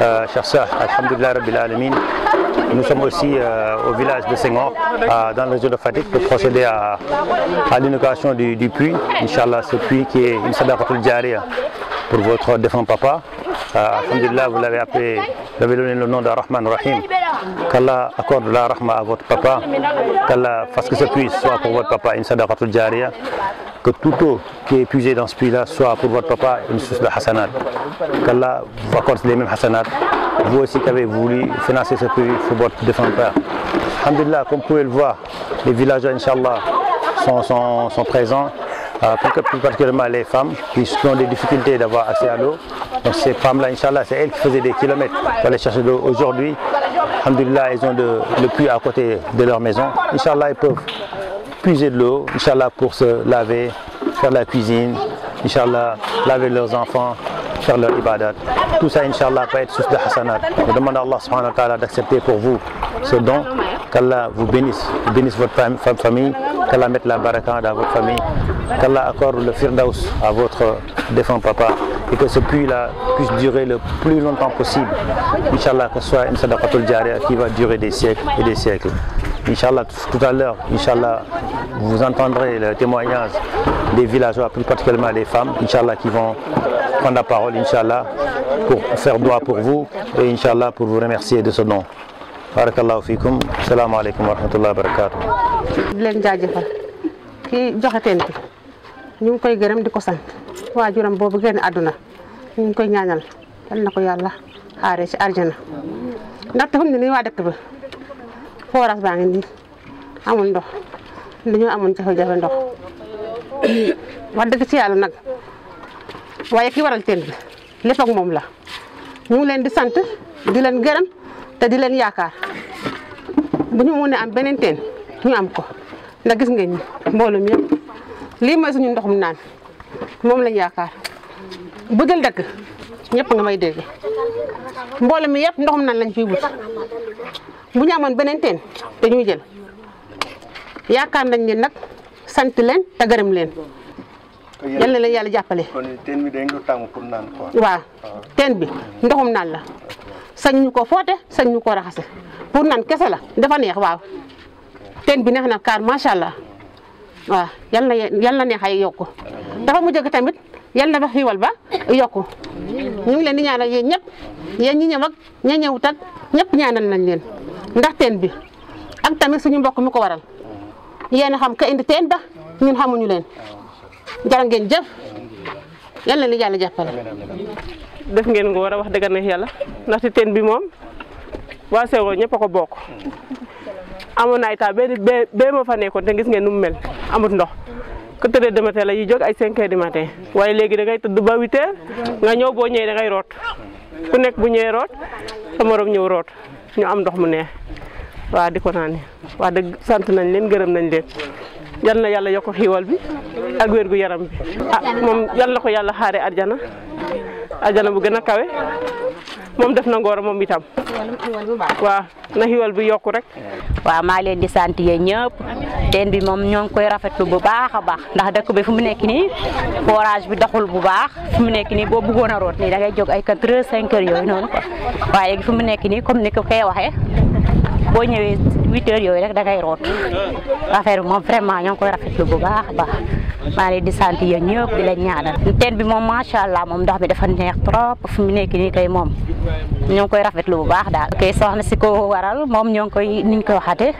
Euh, chers soeurs, nous sommes aussi euh, au village de Senghor, euh, dans le région de Fatik, pour procéder à, à l'inauguration du, puits. Inch'Allah, ce puits qui est une sadaqatul djaria pour votre défunt papa. Alhamdulillah, vous l'avez appelé, vous avez donné le nom de Rahman Rahim. Qu'Allah accorde la rahma à votre papa, qu'Allah fasse que ce puits soit pour votre papa une sadaqatul djaria que tout eau qui est épuisée dans ce puits-là soit pour votre papa une source de hasanat. Qu'Allah vous accorde les mêmes hasanat. Vous aussi qui avez voulu financer ce puits pour votre défunt père. Alhamdulillah, comme vous pouvez le voir, les villageois, Inch'Allah, sont, présents. Euh, plus particulièrement les femmes qui ont des difficultés d'avoir accès à l'eau. Donc ces femmes-là, Inch'Allah, c'est elles qui faisaient des kilomètres pour aller chercher de l'eau. Aujourd'hui, Alhamdulillah, elles ont le puits à côté de leur maison. Inch'Allah, elles peuvent puiser de l'eau, Inch'Allah, pour se laver, faire la cuisine, Inch'Allah, laver leurs enfants, faire leur ibadat. Tout ça, Inch'Allah, peut être source de hasanat. Je demande à Allah subhanahu wa ta'ala d'accepter pour vous ce don, qu'Allah vous bénisse, vous bénisse votre famille, qu'Allah mette la baraka dans votre famille, qu'Allah accorde le firdaus à votre défunt papa et que ce puits-là puisse durer le plus longtemps possible. Inch'Allah, que ce soit une sadaqatul jariyah qui va durer des siècles et des siècles. Inch'Allah, tout à l'heure, Inch'Allah, vous entendrez le témoignage des villageois, plus particulièrement les femmes, Inch'Allah, qui vont prendre la parole, Inch'Allah, pour faire droit pour vous et Inch'Allah pour vous remercier de ce nom. Barakallahu fikum, salam alaikum wa rahmatullahi wa barakatuh. di leen jaajëfal kii joxe teen ñu koy gërëm di ko sant wajuram bobu gën aduna ñu koy ñaanal tan nako yalla yàlla ci arjana ndaxte fu ni ne nii waa dëkk foras baa ngi nii amul ndox dañoo amun jafe-jafe ndox wax kecil ci yàlla nag waaye ki waral teen bi lépp ak moom la ñu leen di sant di leen gërëm te di leen yaakaar bu ñu mënee am beneen teen ñu am ko ndax gis ngeen ni mboolum yëpp lii mooy suñu ndoxum naan moom lañ yaakaar bu dëkk ñëpp nga may dégg mboolum naan lañ wut bu ñu amoon beneen teen dañuy jël yaakaar nañ ne nag sant leen te gërëm leen. yal na leen yàlla jàppale. kon teen bi waaw teen bi ndoxum naan la sañ ñu ko foote sañ ñu ko raxase pour naan kese la dafa neex waaw teen bi neex na kaar macha allah waaw yal na yal na neex ay yokku dafa mujj ak tamit yal na fa xiiwal ba yokku ñu ngi leen di ñaanal yéen ñëpp yéen ñi ñëw ña ñëwut ak ñëpp ñaanal nañ leen. ndax teen bi ak tamit suñu mbokk mi ko waral yéen xam ka indi teen ba ñun xamuñu leen jërë ngeen jëf yal na li yàlla jàppale. def ngeen ko war a wax dëgg neex yàlla ndaxte ten bi moom waa Sego ñëpp a ko bokk amoon na ay temps bee bee bee ma fa nekkoon te gis ngeen nu mu mel amut ndox. ku tëddee de matin la yi jóg ay 5 heures du waaye léegi da ngay tëdd ba 8 nga ñëw boo ñëwee da ngay root ku nekk bu ñëwee root root. ñu am ndox mu neex waa di ko naan waa dëgg sant nañ leen gërëm nañ leen yal na yàlla yokk xiiwal bi ak wér gu yaram bi ah moom yal na ko yàlla xaare arjana arjana bu gën a kawe moom def na ngóor moom itam. waaw na xiwal bi yokku rek. waaw maa leen di sant yéen ñëpp teen bi moom ñoo ngi koy rafetlu bu baax a baax ndax dëkk bi fu mu nekk nii forage bi daxul bu baax fu mu nekk nii boo bëggoon a root nii da ngay jóg ay quatre heures cinq heures yooyu noonu quoi waaye fu mu comme ni ko koy waxee boo huit heures yooyu rek da ngay root affaire bi moom vraiment ñoo koy rafetlu bu baax a baax maa leen di sant yéen ñëpp di leen ñaanal teen bi moom macha allah moom ndox mi dafa neex trop fu mu nekk nii kay moom ñoo ngi koy rafetlu bu baax daal. ok soxna si ko waral moom ñoo ngi koy niñ koy waxatee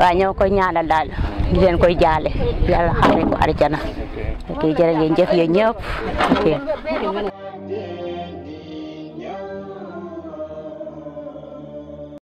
waa ñoo koy ñaanal daal di leen koy jaale yàlla xaaree ko àjjana ok jërë ngeen jëf ñëpp